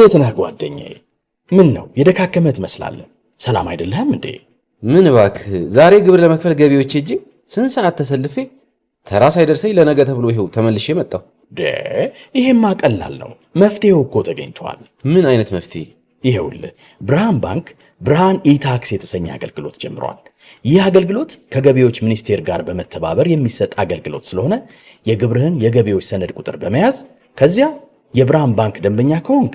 እንዴት ነህ ጓደኛዬ? ምን ነው የደካከመ ትመስላለህ። ሰላም አይደለህም እንዴ? ምን እባክህ፣ ዛሬ ግብር ለመክፈል ገቢዎች እጂ ስንት ሰዓት ተሰልፌ ተራ ሳይደርሰኝ ለነገ ተብሎ ይኸው ተመልሼ መጣሁ። ይሄማ ቀላል ነው፣ መፍትሄው እኮ ተገኝቷል። ምን አይነት መፍትሄ? ይኸውልህ ብርሃን ባንክ ብርሃን ኢታክስ የተሰኘ አገልግሎት ጀምሯል። ይህ አገልግሎት ከገቢዎች ሚኒስቴር ጋር በመተባበር የሚሰጥ አገልግሎት ስለሆነ የግብርህን የገቢዎች ሰነድ ቁጥር በመያዝ ከዚያ የብርሃን ባንክ ደንበኛ ከሆንክ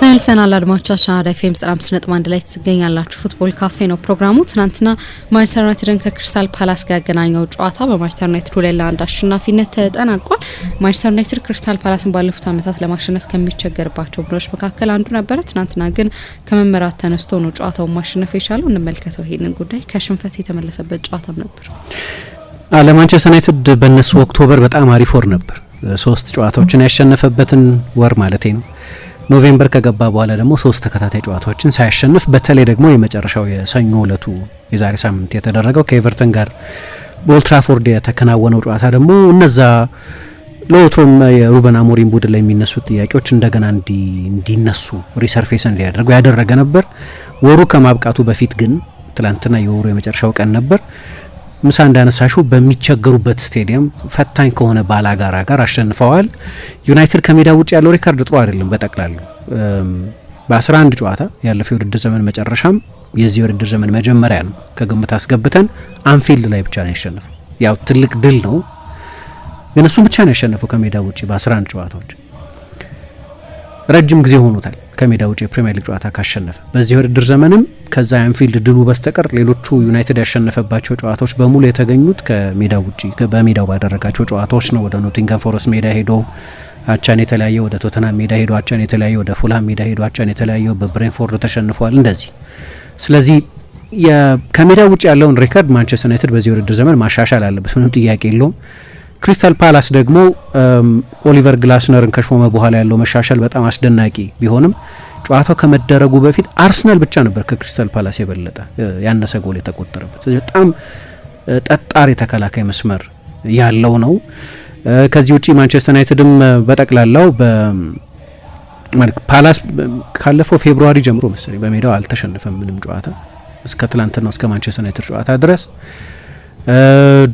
ተመልሰናል አድማጮቻችን፣ አራዳ ኤፍ ኤም ዘጠና አምስት ነጥብ አንድ ላይ ትገኛላችሁ። ፉትቦል ካፌ ነው ፕሮግራሙ። ትናንትና ማንቸስተር ዩናይትድን ከክሪስታል ፓላስ ጋር ያገናኘው ጨዋታ በማንቸስተር ዩናይትድ ሁለት ለአንድ አሸናፊነት ተጠናቋል። ማንቸስተር ዩናይትድ ክሪስታል ፓላስን ባለፉት ዓመታት ለማሸነፍ ከሚቸገርባቸው ቡድኖች መካከል አንዱ ነበረ። ትናንትና ግን ከመመራት ተነስቶ ነው ጨዋታውን ማሸነፍ የቻለው። እንመልከተው ይህንን ጉዳይ። ከሽንፈት የተመለሰበት ጨዋታም ነበር። ለማንቸስተር ዩናይትድ በእነሱ ኦክቶበር በጣም አሪፍ ወር ነበር። ሶስት ጨዋታዎችን ያሸነፈበትን ወር ማለት ነው ኖቬምበር ከገባ በኋላ ደግሞ ሶስት ተከታታይ ጨዋታዎችን ሳያሸንፍ በተለይ ደግሞ የመጨረሻው የሰኞ እለቱ የዛሬ ሳምንት የተደረገው ከኤቨርተን ጋር በኦልትራፎርድ የተከናወነው ጨዋታ ደግሞ እነዛ ለወትሮም የሩበን አሞሪን ቡድን ላይ የሚነሱ ጥያቄዎች እንደገና እንዲነሱ ሪሰርፌስ እንዲያደርጉ ያደረገ ነበር። ወሩ ከማብቃቱ በፊት ግን ትላንትና የወሩ የመጨረሻው ቀን ነበር። ምሳ እንዳነሳሹ በሚቸገሩበት ስቴዲየም ፈታኝ ከሆነ ባላጋራ ጋር አሸንፈዋል። ዩናይትድ ከሜዳ ውጭ ያለው ሪካርድ ጥሩ አይደለም። በጠቅላሉ በ11 ጨዋታ ያለፈው የውድድር ዘመን መጨረሻም የዚህ የውድድር ዘመን መጀመሪያ ነው። ከግምት አስገብተን አንፊልድ ላይ ብቻ ነው ያሸነፈው። ያው ትልቅ ድል ነው፣ ግን እሱም ብቻ ነው ያሸነፈው ከሜዳ ውጭ በ11 ጨዋታዎች ረጅም ጊዜ ሆኖታል ከሜዳ ውጭ የፕሪምየር ሊግ ጨዋታ ካሸነፈ። በዚህ ውድድር ዘመንም ከዛ አንፊልድ ድሉ በስተቀር ሌሎቹ ዩናይትድ ያሸነፈባቸው ጨዋታዎች በሙሉ የተገኙት ከሜዳ ውጭ በሜዳው ባደረጋቸው ጨዋታዎች ነው። ወደ ኖቲንገም ፎረስት ሜዳ ሄዶ አቻን የተለያየ፣ ወደ ቶተናም ሜዳ ሄዶ አቻን የተለያየ፣ ወደ ፉልሃም ሜዳ ሄዶ አቻን የተለያየ፣ በብሬንፎርድ ተሸንፏል። እንደዚህ ስለዚህ ከሜዳ ውጭ ያለውን ሪከርድ ማንቸስተር ዩናይትድ በዚህ ውድድር ዘመን ማሻሻል አለበት፣ ምንም ጥያቄ የለውም። ክሪስታል ፓላስ ደግሞ ኦሊቨር ግላስነርን ከሾመ በኋላ ያለው መሻሻል በጣም አስደናቂ ቢሆንም ጨዋታው ከመደረጉ በፊት አርሰናል ብቻ ነበር ከክሪስታል ፓላስ የበለጠ ያነሰ ጎል የተቆጠረበት። ስለዚህ በጣም ጠጣር የተከላካይ መስመር ያለው ነው። ከዚህ ውጭ ማንቸስተር ዩናይትድም በጠቅላላው ፓላስ ካለፈው ፌብሩዋሪ ጀምሮ መሰለኝ በሜዳው አልተሸነፈም ምንም ጨዋታ እስከ ትላንትና እስከ ማንቸስተር ዩናይትድ ጨዋታ ድረስ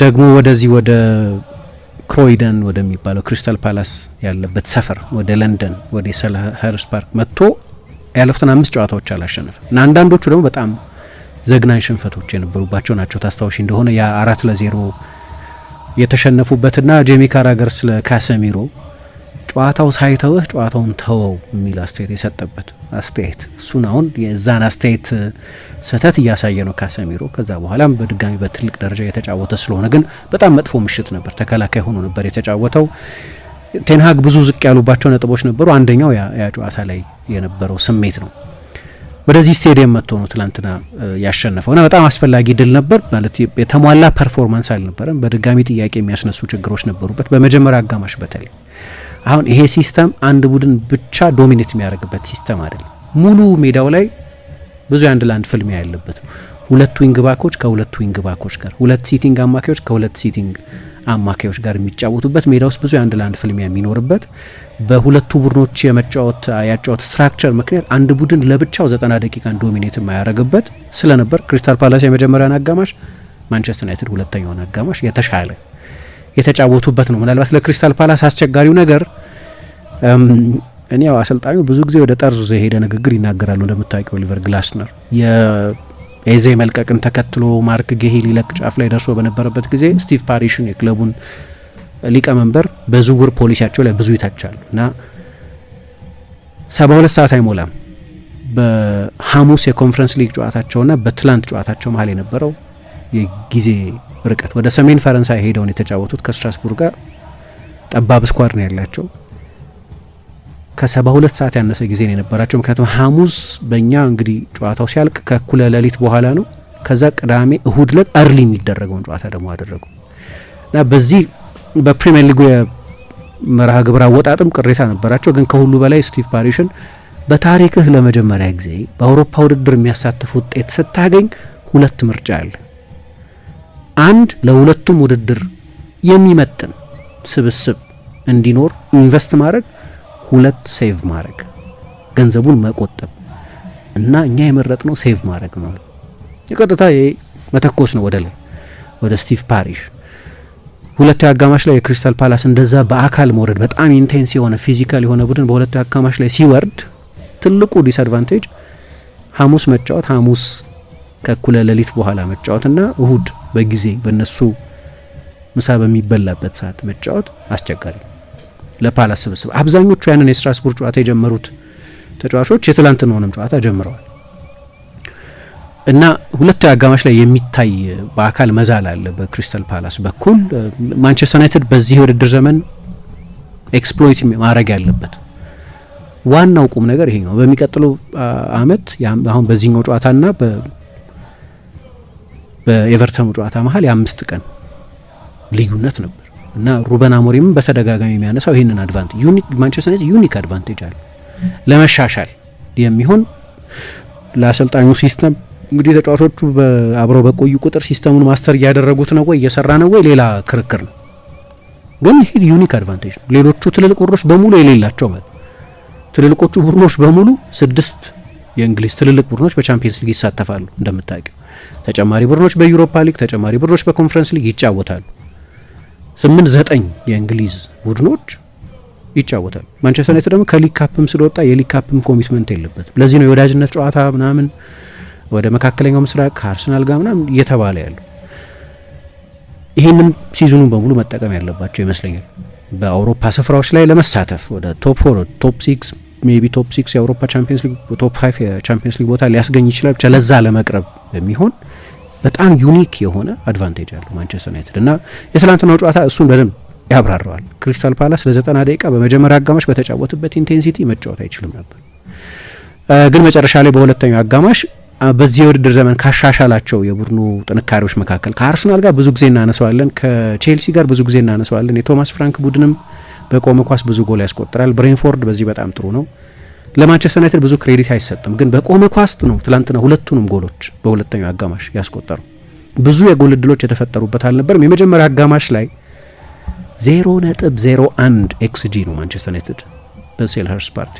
ደግሞ ወደዚህ ወደ ክሮይደን ወደሚባለው ክሪስታል ፓላስ ያለበት ሰፈር ወደ ለንደን ወደ ሰልኸርስት ፓርክ መጥቶ ያለፉትን አምስት ጨዋታዎች አላሸነፈም እና አንዳንዶቹ ደግሞ በጣም ዘግናኝ ሽንፈቶች የነበሩባቸው ናቸው። ታስታውሺ እንደሆነ የአራት አራት ለዜሮ የተሸነፉበትና ጄሚ ካራገር ስለ ካሰሚሮ ጨዋታው ሳይተውህ ጨዋታውን ተወው የሚል አስተያየት የሰጠበት አስተያየት እሱን አሁን የዛን አስተያየት ስህተት እያሳየ ነው ካሰሚሮ። ከዛ በኋላም በድጋሚ በትልቅ ደረጃ የተጫወተ ስለሆነ ግን በጣም መጥፎ ምሽት ነበር። ተከላካይ ሆኖ ነበር የተጫወተው። ቴንሃግ ብዙ ዝቅ ያሉባቸው ነጥቦች ነበሩ። አንደኛው ያ ጨዋታ ላይ የነበረው ስሜት ነው። ወደዚህ ስቴዲየም መጥቶ ነው ትላንትና ያሸነፈው እና በጣም አስፈላጊ ድል ነበር። ማለት የተሟላ ፐርፎርማንስ አልነበረም። በድጋሚ ጥያቄ የሚያስነሱ ችግሮች ነበሩበት፣ በመጀመሪያ አጋማሽ በተለይ አሁን ይሄ ሲስተም አንድ ቡድን ብቻ ዶሚኔት የሚያደርግበት ሲስተም አይደለም። ሙሉ ሜዳው ላይ ብዙ የአንድ ለአንድ ፍልሚያ ያለበት ነው። ሁለት ዊንግ ባኮች ከሁለት ዊንግ ባኮች ጋር፣ ሁለት ሲቲንግ አማካዮች ከሁለት ሲቲንግ አማካዮች ጋር የሚጫወቱበት ሜዳ ውስጥ ብዙ የአንድ ለአንድ ፍልሚያ የሚኖርበት በሁለቱ ቡድኖች የመጫወት ያጫወት ስትራክቸር ምክንያት አንድ ቡድን ለብቻው ዘጠና ደቂቃን ዶሚኔት የማያደርግበት ስለነበር ክሪስታል ፓላስ የመጀመሪያ አጋማሽ፣ ማንቸስተር ዩናይትድ ሁለተኛውን አጋማሽ የተሻለ የተጫወቱበት ነው። ምናልባት ለክሪስታል ፓላስ አስቸጋሪው ነገር እኔ ያው አሰልጣኙ ብዙ ጊዜ ወደ ጠርዙ የሄደ ንግግር ይናገራሉ። እንደምታውቂው ኦሊቨር ግላስነር የኤዜ መልቀቅን ተከትሎ ማርክ ጌሂ ሊለቅ ጫፍ ላይ ደርሶ በነበረበት ጊዜ ስቲቭ ፓሪሽን የክለቡን ሊቀመንበር በዝውውር ፖሊሲያቸው ላይ ብዙ ይታቻሉ እና ሰባ ሁለት ሰዓት አይሞላም በሐሙስ የኮንፈረንስ ሊግ ጨዋታቸውና በትላንት ጨዋታቸው መሀል የነበረው የጊዜ ርቀት ወደ ሰሜን ፈረንሳይ ሄደውን የተጫወቱት ከስትራስቡር ጋር ጠባብ ስኳር ነው ያላቸው። ከሰባ ሁለት ሰዓት ያነሰ ጊዜ ነው የነበራቸው። ምክንያቱም ሐሙስ በእኛ እንግዲህ ጨዋታው ሲያልቅ ከእኩለ ሌሊት በኋላ ነው። ከዛ ቅዳሜ እሁድ ለት አርሊ የሚደረገውን ጨዋታ ደግሞ አደረጉ እና በዚህ በፕሪሚየር ሊጉ የመርሃ ግብር አወጣጥም ቅሬታ ነበራቸው። ግን ከሁሉ በላይ ስቲቭ ፓሪሽን በታሪክህ ለመጀመሪያ ጊዜ በአውሮፓ ውድድር የሚያሳትፍ ውጤት ስታገኝ ሁለት ምርጫ አለ አንድ ለሁለቱም ውድድር የሚመጥን ስብስብ እንዲኖር ኢንቨስት ማድረግ፣ ሁለት ሴቭ ማድረግ ገንዘቡን መቆጠብ እና እኛ የመረጥነው ሴቭ ማድረግ ነው። የቀጥታ መተኮስ ነው ወደ ላይ ወደ ስቲቭ ፓሪሽ። ሁለቱ አጋማሽ ላይ የክሪስታል ፓላስ እንደዛ በአካል መውረድ በጣም ኢንቴንስ የሆነ ፊዚካል የሆነ ቡድን በሁለቱ አጋማሽ ላይ ሲወርድ ትልቁ ዲስአድቫንቴጅ ሐሙስ መጫወት ሐሙስ ከእኩለ ሌሊት በኋላ መጫወትና እሁድ በጊዜ በነሱ ምሳ በሚበላበት ሰዓት መጫወት አስቸጋሪ ለፓላስ ስብስብ። አብዛኞቹ ያንን የስትራስቡር ጨዋታ የጀመሩት ተጫዋቾች የትላንትናውንም ጨዋታ ጀምረዋል እና ሁለቱ አጋማሽ ላይ የሚታይ በአካል መዛል አለ በክሪስታል ፓላስ በኩል። ማንቸስተር ዩናይትድ በዚህ የውድድር ዘመን ኤክስፕሎይት ማድረግ ያለበት ዋናው ቁም ነገር ይሄ ነው። በሚቀጥለው አመት አሁን በዚህኛው ጨዋታና በኤቨርተኑ ጨዋታ መሀል የአምስት ቀን ልዩነት ነበር እና ሩበን አሞሪም በተደጋጋሚ የሚያነሳው ይህንን አድቫንቴጅ ማንቸስተር ዩናይትድ ዩኒክ አድቫንቴጅ አለ ለመሻሻል የሚሆን ለአሰልጣኙ ሲስተም እንግዲህ ተጫዋቾቹ አብረው በቆዩ ቁጥር ሲስተሙን ማስተር እያደረጉት ነው ወይ እየሰራ ነው ወይ ሌላ ክርክር ነው። ግን ይሄ ዩኒክ አድቫንቴጅ ነው፣ ሌሎቹ ትልልቅ ቡድኖች በሙሉ የሌላቸው ማለት ትልልቆቹ ቡድኖች በሙሉ ስድስት የእንግሊዝ ትልልቅ ቡድኖች በቻምፒየንስ ሊግ ይሳተፋሉ እንደምታውቂው። ተጨማሪ ቡድኖች በዩሮፓ ሊግ፣ ተጨማሪ ቡድኖች በኮንፈረንስ ሊግ ይጫወታሉ። ስምንት ዘጠኝ የእንግሊዝ ቡድኖች ይጫወታሉ። ማንቸስተር ዩናይትድ ደግሞ ከሊግ ካፕም ስለወጣ የሊግ ካፕም ኮሚትመንት የለበትም። ለዚህ ነው የወዳጅነት ጨዋታ ምናምን ወደ መካከለኛው ምስራቅ ከአርሰናል ጋር ምናምን እየተባለ ያለው። ይህንን ሲዝኑን በሙሉ መጠቀም ያለባቸው ይመስለኛል በአውሮፓ ስፍራዎች ላይ ለመሳተፍ ወደ ቶፕ ፎር ቶፕ ሲክስ ሜቢ ቶፕ ሲክስ የአውሮፓ ቻምፒየንስ ሊግ ቶፕ ፋይቭ የቻምፒየንስ ሊግ ቦታ ሊያስገኝ ይችላል። ብቻ ለዛ ለመቅረብ የሚሆን በጣም ዩኒክ የሆነ አድቫንቴጅ አለው ማንቸስተር ዩናይትድ እና የትላንትናው ጨዋታ እሱን በደንብ ያብራረዋል። ክሪስታል ፓላስ ለዘጠና ደቂቃ በመጀመሪያ አጋማሽ በተጫወትበት ኢንቴንሲቲ መጫወት አይችልም ነበር፣ ግን መጨረሻ ላይ በሁለተኛው አጋማሽ በዚህ የውድድር ዘመን ካሻሻላቸው የቡድኑ ጥንካሬዎች መካከል ከአርሰናል ጋር ብዙ ጊዜ እናነሰዋለን፣ ከቼልሲ ጋር ብዙ ጊዜ እናነሰዋለን። የቶማስ ፍራንክ ቡድንም በቆመ ኳስ ብዙ ጎል ያስቆጥራል። ብሬንፎርድ በዚህ በጣም ጥሩ ነው። ለማንቸስተር ዩናይትድ ብዙ ክሬዲት አይሰጥም፣ ግን በቆመ ኳስ ነው ትላንትና ሁለቱንም ጎሎች በሁለተኛው አጋማሽ ያስቆጠሩ። ብዙ የጎል እድሎች የተፈጠሩበት አልነበርም። የመጀመሪያ አጋማሽ ላይ 0.01 ኤክስጂ ነው ማንቸስተር ዩናይትድ በሴልኸርስት ፓርክ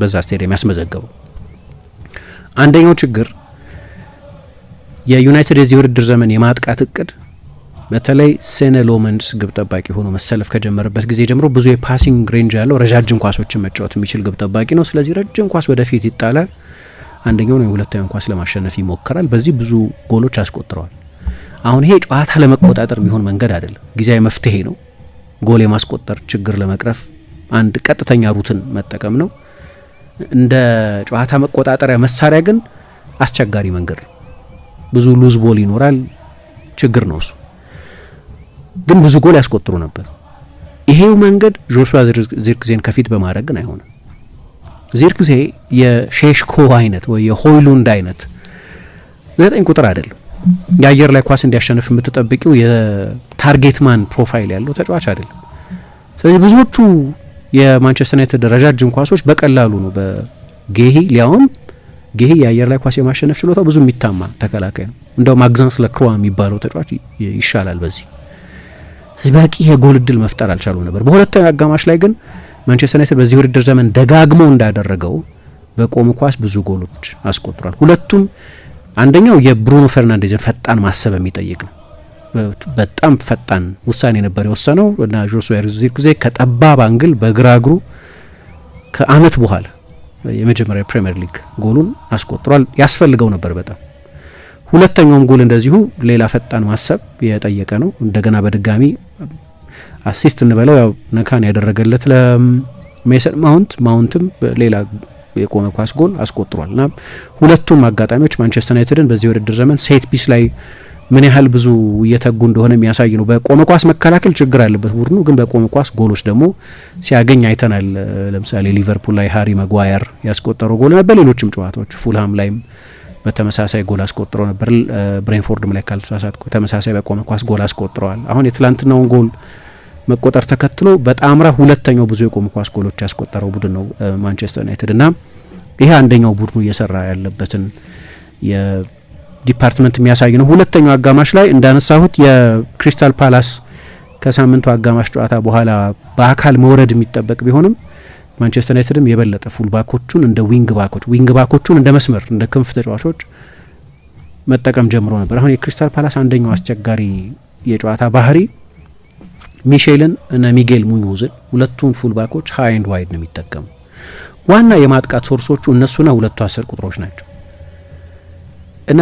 በዛ ስቴዲየም ያስመዘገበው። አንደኛው ችግር የዩናይትድ የዚህ ውድድር ዘመን የማጥቃት እቅድ በተለይ ሴነ ሎመንስ ግብ ጠባቂ ሆኖ መሰለፍ ከጀመረበት ጊዜ ጀምሮ ብዙ የፓሲንግ ሬንጅ ያለው ረጃጅም ኳሶችን መጫወት የሚችል ግብ ጠባቂ ነው። ስለዚህ ረጅም ኳስ ወደፊት ይጣላል፣ አንደኛውን ወይም ሁለተኛውን ኳስ ለማሸነፍ ይሞከራል። በዚህ ብዙ ጎሎች አስቆጥረዋል። አሁን ይሄ ጨዋታ ለመቆጣጠር የሚሆን መንገድ አይደለም፣ ጊዜያዊ መፍትሄ ነው። ጎል የማስቆጠር ችግር ለመቅረፍ አንድ ቀጥተኛ ሩትን መጠቀም ነው። እንደ ጨዋታ መቆጣጠሪያ መሳሪያ ግን አስቸጋሪ መንገድ ነው። ብዙ ሉዝ ቦል ይኖራል፣ ችግር ነው እሱ። ግን ብዙ ጎል ያስቆጥሩ ነበር። ይሄው መንገድ ጆሹዋ ዚርክዜን ከፊት በማድረግ ግን አይሆንም። ዚርክዜ የሼሽኮ አይነት ወይ የሆይሉንድ አይነት ዘጠኝ ቁጥር አይደለም። የአየር ላይ ኳስ እንዲያሸንፍ የምትጠብቂው የታርጌት ማን ፕሮፋይል ያለው ተጫዋች አይደለም። ስለዚህ ብዙዎቹ የማንቸስተር ዩናይትድ ረጃጅም ኳሶች በቀላሉ ነው በጌሂ ሊያውም ጌሂ የአየር ላይ ኳስ የማሸነፍ ችሎታው ብዙ የሚታማ ተከላካይ ነው። እንደውም አግዛንስ ለክሮዋ የሚባለው ተጫዋች ይሻላል በዚህ በቂ የጎል እድል መፍጠር አልቻሉ ነበር። በሁለተኛው አጋማሽ ላይ ግን ማንቸስተር ዩናይትድ በዚህ ውድድር ዘመን ደጋግሞ እንዳደረገው በቆሙ ኳስ ብዙ ጎሎች አስቆጥሯል። ሁለቱም አንደኛው የብሩኖ ፈርናንዴዝን ፈጣን ማሰብ የሚጠይቅ ነው። በጣም ፈጣን ውሳኔ ነበር የወሰነው እና ጆሹዋ ጊዜ ከጠባብ አንግል በግራ እግሩ ከአመት በኋላ የመጀመሪያ ፕሪምየር ሊግ ጎሉን አስቆጥሯል። ያስፈልገው ነበር በጣም ሁለተኛውም ጎል እንደዚሁ ሌላ ፈጣን ማሰብ የጠየቀ ነው። እንደገና በድጋሚ አሲስት እንበለው ያው ነካን ያደረገለት ለሜሰን ማውንት ማውንትም ሌላ የቆመ ኳስ ጎል አስቆጥሯል እና ሁለቱም አጋጣሚዎች ማንቸስተር ዩናይትድን በዚህ ውድድር ዘመን ሴት ፒስ ላይ ምን ያህል ብዙ እየተጉ እንደሆነ የሚያሳይ ነው። በቆመ ኳስ መከላከል ችግር አለበት ቡድኑ፣ ግን በቆመ ኳስ ጎሎች ደግሞ ሲያገኝ አይተናል። ለምሳሌ ሊቨርፑል ላይ ሃሪ መጓየር ያስቆጠረው ጎል ነበር። ሌሎችም ጨዋታዎች ፉልሃም ላይም በተመሳሳይ ጎል አስቆጥሮ ነበር። ብሬንፎርድም ላይ ካልተሳሳትኩ ተመሳሳይ በቆመ ኳስ ጎል አስቆጥረዋል። አሁን የትላንትናውን ጎል መቆጠር ተከትሎ በጣምራ ሁለተኛው ብዙ የቆሙ ኳስ ጎሎች ያስቆጠረው ቡድን ነው ማንቸስተር ዩናይትድ እና ይሄ አንደኛው ቡድኑ እየሰራ ያለበትን ዲፓርትመንት የሚያሳይ ነው። ሁለተኛው አጋማሽ ላይ እንዳነሳሁት የክሪስታል ፓላስ ከሳምንቱ አጋማሽ ጨዋታ በኋላ በአካል መውረድ የሚጠበቅ ቢሆንም ማንቸስተር ዩናይትድም የበለጠ ፉል ባኮቹን እንደ ዊንግ ባኮች ዊንግ ባኮቹን እንደ መስመር እንደ ክንፍ ተጫዋቾች መጠቀም ጀምሮ ነበር። አሁን የክሪስታል ፓላስ አንደኛው አስቸጋሪ የጨዋታ ባህሪ ሚሼልን እና ሚጌል ሙኞዝን ሁለቱን ፉልባኮች ሀይ ንድ ዋይድ ነው የሚጠቀሙ። ዋና የማጥቃት ሶርሶቹ እነሱና ሁለቱ አስር ቁጥሮች ናቸው እና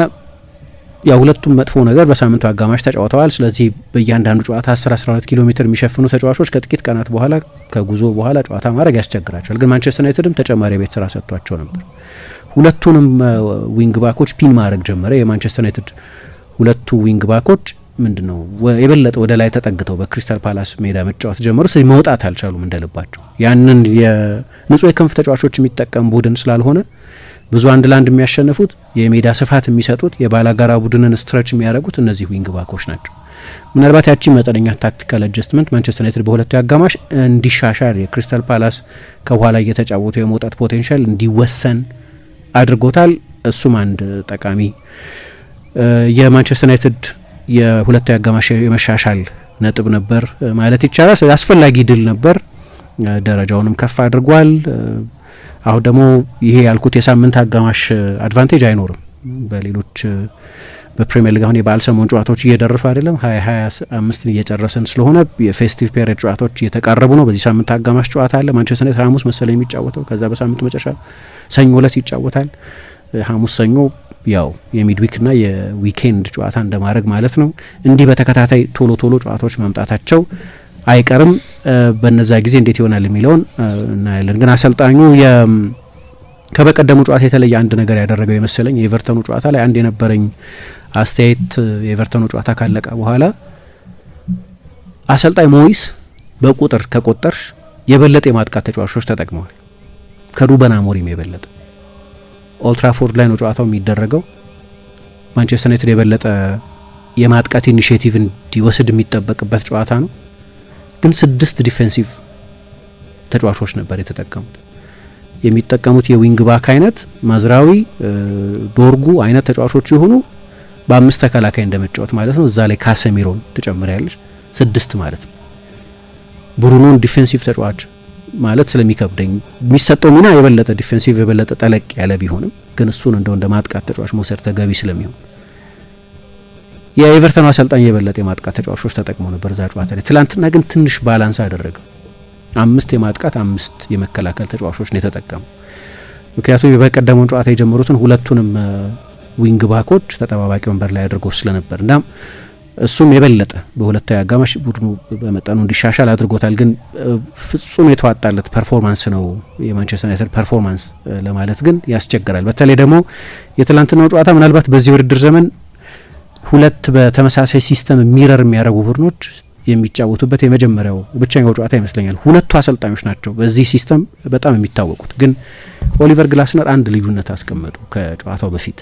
ያ ሁለቱም መጥፎ ነገር በሳምንቱ አጋማሽ ተጫውተዋል። ስለዚህ በእያንዳንዱ ጨዋታ 10 12 ኪሎ ሜትር የሚሸፍኑ ተጫዋቾች ከጥቂት ቀናት በኋላ ከጉዞ በኋላ ጨዋታ ማድረግ ያስቸግራቸዋል። ግን ማንቸስተር ዩናይትድም ተጨማሪ የቤት ስራ ሰጥቷቸው ነበር። ሁለቱንም ዊንግ ባኮች ፒን ማድረግ ጀመረ። የማንቸስተር ዩናይትድ ሁለቱ ዊንግ ባኮች ምንድን ነው የበለጠ ወደ ላይ ተጠግተው በክሪስታል ፓላስ ሜዳ መጫወት ጀመሩ። ስለዚህ መውጣት አልቻሉም እንደልባቸው። ያንን የንጹህ የክንፍ ተጫዋቾች የሚጠቀም ቡድን ስላልሆነ ብዙ አንድ ለአንድ የሚያሸንፉት የሜዳ ስፋት የሚሰጡት የባላጋራ ቡድንን ስትረች የሚያደርጉት እነዚህ ዊንግ ባኮች ናቸው። ምናልባት ያቺ መጠነኛ ታክቲካል አጀስትመንት ማንቸስተር ዩናይትድ በሁለቱ አጋማሽ እንዲሻሻል የክሪስታል ፓላስ ከኋላ እየተጫወቱ የመውጣት ፖቴንሻል እንዲወሰን አድርጎታል። እሱም አንድ ጠቃሚ የማንቸስተር ዩናይትድ የሁለቱ አጋማሽ የመሻሻል ነጥብ ነበር ማለት ይቻላል። ስለዚህ አስፈላጊ ድል ነበር፣ ደረጃውንም ከፍ አድርጓል። አሁን ደግሞ ይሄ ያልኩት የሳምንት አጋማሽ አድቫንቴጅ አይኖርም። በሌሎች በፕሪሚየር ሊግ አሁን የበዓል ሰሞን ጨዋታዎች እየደረሱ አይደለም። ሀያ ሀያ አምስትን እየጨረስን ስለሆነ የፌስቲቭ ፔሪድ ጨዋታዎች እየተቃረቡ ነው። በዚህ ሳምንት አጋማሽ ጨዋታ አለ። ማንቸስተር ዩናይትድ ሐሙስ መሰለኝ የሚጫወተው፣ ከዛ በሳምንቱ መጨረሻ ሰኞ እለት ይጫወታል። ሐሙስ ሰኞ ያው የሚድዊክ ና የዊኬንድ ጨዋታ እንደማድረግ ማለት ነው። እንዲህ በተከታታይ ቶሎ ቶሎ ጨዋታዎች መምጣታቸው አይቀርም። በነዛ ጊዜ እንዴት ይሆናል የሚለውን እናያለን። ግን አሰልጣኙ ከበቀደሙ ጨዋታ የተለየ አንድ ነገር ያደረገው የመሰለኝ የኤቨርተኑ ጨዋታ ላይ አንድ የነበረኝ አስተያየት የኤቨርተኑ ጨዋታ ካለቀ በኋላ አሰልጣኝ ሞይስ በቁጥር ከቆጠር የበለጠ የማጥቃት ተጫዋቾች ተጠቅመዋል ከሩበን አሞሪም የበለጠ ኦልትራፎርድ ላይ ነው ጨዋታው የሚደረገው። ማንቸስተር ዩናይትድ የበለጠ የማጥቃት ኢኒሽቲቭ እንዲወስድ የሚጠበቅበት ጨዋታ ነው። ግን ስድስት ዲፌንሲቭ ተጫዋቾች ነበር የተጠቀሙት። የሚጠቀሙት የዊንግ ባክ አይነት ማዝራዊ፣ ዶርጉ አይነት ተጫዋቾች የሆኑ በአምስት ተከላካይ እንደመጫወት ማለት ነው። እዛ ላይ ካሰሚሮን ትጨምሪያለች፣ ስድስት ማለት ነው። ብሩኖን ዲፌንሲቭ ተጫዋች ማለት ስለሚከብደኝ የሚሰጠው ሚና የበለጠ ዲፌንሲቭ የበለጠ ጠለቅ ያለ ቢሆንም ግን እሱን እንደው እንደ ማጥቃት ተጫዋች መውሰድ ተገቢ ስለሚሆን የኤቨርተኑ አሰልጣኝ የበለጠ የማጥቃት ተጫዋቾች ተጠቅመው ነበር እዛ ጨዋታ ላይ። ትላንትና ግን ትንሽ ባላንስ አደረገ። አምስት የማጥቃት አምስት የመከላከል ተጫዋቾች ነው የተጠቀሙ። ምክንያቱም የበቀደመውን ጨዋታ የጀመሩትን ሁለቱንም ዊንግ ባኮች ተጠባባቂ ወንበር ላይ አድርጎ ስለነበር እና እሱም የበለጠ በሁለታዊ አጋማሽ ቡድኑ በመጠኑ እንዲሻሻል አድርጎታል። ግን ፍጹም የተዋጣለት ፐርፎርማንስ ነው የማንቸስተር ዩናይትድ ፐርፎርማንስ ለማለት ግን ያስቸግራል። በተለይ ደግሞ የትላንትናው ጨዋታ ምናልባት በዚህ ውድድር ዘመን ሁለት በተመሳሳይ ሲስተም ሚረር የሚያደርጉ ቡድኖች የሚጫወቱበት የመጀመሪያው ብቸኛው ጨዋታ ይመስለኛል። ሁለቱ አሰልጣኞች ናቸው በዚህ ሲስተም በጣም የሚታወቁት። ግን ኦሊቨር ግላስነር አንድ ልዩነት አስቀመጡ ከጨዋታው በፊት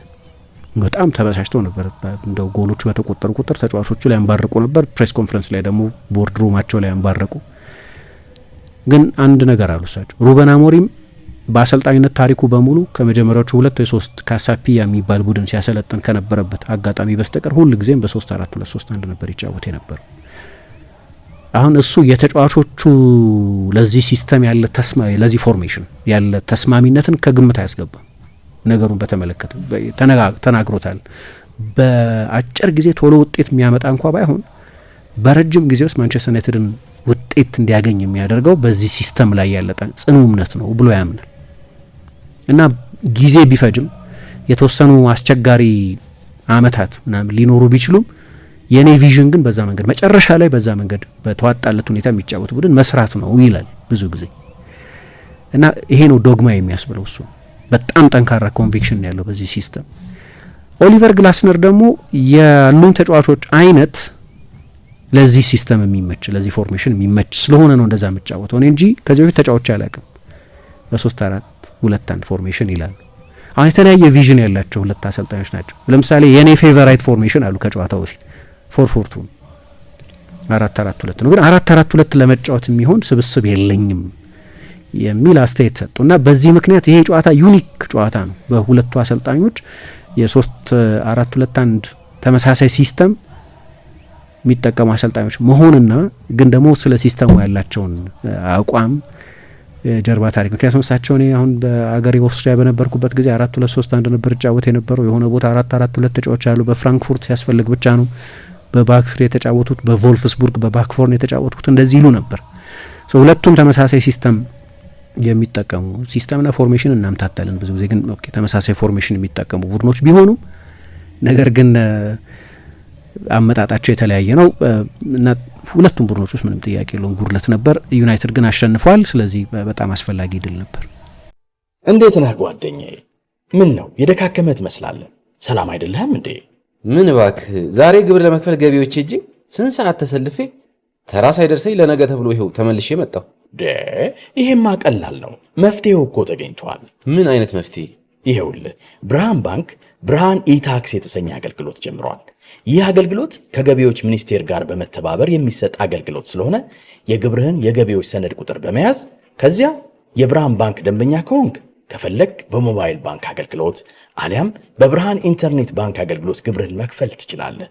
በጣም ተበሳጭተው ነበር። እንደው ጎሎቹ በተቆጠሩ ቁጥር ተጫዋቾቹ ላይ አንባረቁ ነበር። ፕሬስ ኮንፈረንስ ላይ ደግሞ ቦርድ ሩማቸው ላይ አንባረቁ። ግን አንድ ነገር አሉ እሳቸው ሩበን አሞሪም በአሰልጣኝነት ታሪኩ በሙሉ ከመጀመሪያዎቹ ሁለት ወይ ሶስት ካሳፒያ የሚባል ቡድን ሲያሰለጥን ከነበረበት አጋጣሚ በስተቀር ሁል ጊዜም በሶስት አራት ሁለት ሶስት አንድ ነበር ይጫወት የነበረው። አሁን እሱ የተጫዋቾቹ ለዚህ ሲስተም ያለ ተስማ ለዚህ ፎርሜሽን ያለ ተስማሚነትን ከግምት አያስገባም። ነገሩን በተመለከተ ተናግሮታል። በአጭር ጊዜ ቶሎ ውጤት የሚያመጣ እንኳ ባይሆን በረጅም ጊዜ ውስጥ ማንቸስተር ዩናይትድን ውጤት እንዲያገኝ የሚያደርገው በዚህ ሲስተም ላይ ያለ ጽኑ እምነት ነው ብሎ ያምናል እና ጊዜ ቢፈጅም የተወሰኑ አስቸጋሪ አመታት ምናምን ሊኖሩ ቢችሉም የእኔ ቪዥን ግን በዛ መንገድ መጨረሻ ላይ በዛ መንገድ በተዋጣለት ሁኔታ የሚጫወት ቡድን መስራት ነው ይላል ብዙ ጊዜ እና ይሄ ነው ዶግማ የሚያስብለው እሱ በጣም ጠንካራ ኮንቪክሽን ነው ያለው በዚህ ሲስተም። ኦሊቨር ግላስነር ደግሞ ያሉን ተጫዋቾች አይነት ለዚህ ሲስተም የሚመች ለዚህ ፎርሜሽን የሚመች ስለሆነ ነው እንደዛ የምጫወተው እኔ እንጂ ከዚህ በፊት ተጫዋቾች አላቅም። በሶስት አራት ሁለት አንድ ፎርሜሽን ይላሉ። አሁን የተለያየ ቪዥን ያላቸው ሁለት አሰልጣኞች ናቸው። ለምሳሌ የእኔ ፌቨራይት ፎርሜሽን አሉ ከጨዋታው በፊት ፎር ፎርቱ አራት አራት ሁለት ነው፣ ግን አራት አራት ሁለት ለመጫወት የሚሆን ስብስብ የለኝም የሚል አስተያየት ሰጡ እና በዚህ ምክንያት ይሄ ጨዋታ ዩኒክ ጨዋታ ነው። በሁለቱ አሰልጣኞች የሶስት አራት ሁለት አንድ ተመሳሳይ ሲስተም የሚጠቀሙ አሰልጣኞች መሆንና ግን ደግሞ ስለ ሲስተሙ ያላቸውን አቋም ጀርባ ታሪክ ምክንያቱም እሳቸው እኔ አሁን በአገሬ ኦስትሪያ በነበርኩበት ጊዜ አራት ሁለት ሶስት አንድ ነበር እጫወት የነበረው። የሆነ ቦታ አራት አራት ሁለት ተጫዋች አሉ። በፍራንክፉርት ሲያስፈልግ ብቻ ነው በባክስሪ የተጫወቱት፣ በቮልፍስቡርግ በባክፎርን የተጫወቱት እንደዚህ ይሉ ነበር። ሁለቱም ተመሳሳይ ሲስተም የሚጠቀሙ ሲስተምና ፎርሜሽን እናምታታለን ብዙ ጊዜ ግን ተመሳሳይ ፎርሜሽን የሚጠቀሙ ቡድኖች ቢሆኑም ነገር ግን አመጣጣቸው የተለያየ ነው እና ሁለቱም ቡድኖች ውስጥ ምንም ጥያቄ የለውም ጉድለት ነበር። ዩናይትድ ግን አሸንፏል። ስለዚህ በጣም አስፈላጊ ድል ነበር። እንዴት ነህ ጓደኛዬ? ምን ነው የደካከመ ትመስላለህ። ሰላም አይደለህም እንዴ? ምን እባክህ፣ ዛሬ ግብር ለመክፈል ገቢዎች እጅ ስንት ሰዓት ተሰልፌ ተራ ሳይደርሰኝ ለነገ ተብሎ ይኸው ተመልሼ መጣሁ። ይሄማ ቀላል ነው። መፍትሄው እኮ ተገኝቷል። ምን አይነት መፍትሄ? ይሄውልህ ብርሃን ባንክ ብርሃን ኢታክስ የተሰኘ አገልግሎት ጀምሯል። ይህ አገልግሎት ከገቢዎች ሚኒስቴር ጋር በመተባበር የሚሰጥ አገልግሎት ስለሆነ የግብርህን የገቢዎች ሰነድ ቁጥር በመያዝ ከዚያ የብርሃን ባንክ ደንበኛ ከሆንክ ከፈለግ በሞባይል ባንክ አገልግሎት አሊያም በብርሃን ኢንተርኔት ባንክ አገልግሎት ግብርህን መክፈል ትችላለህ።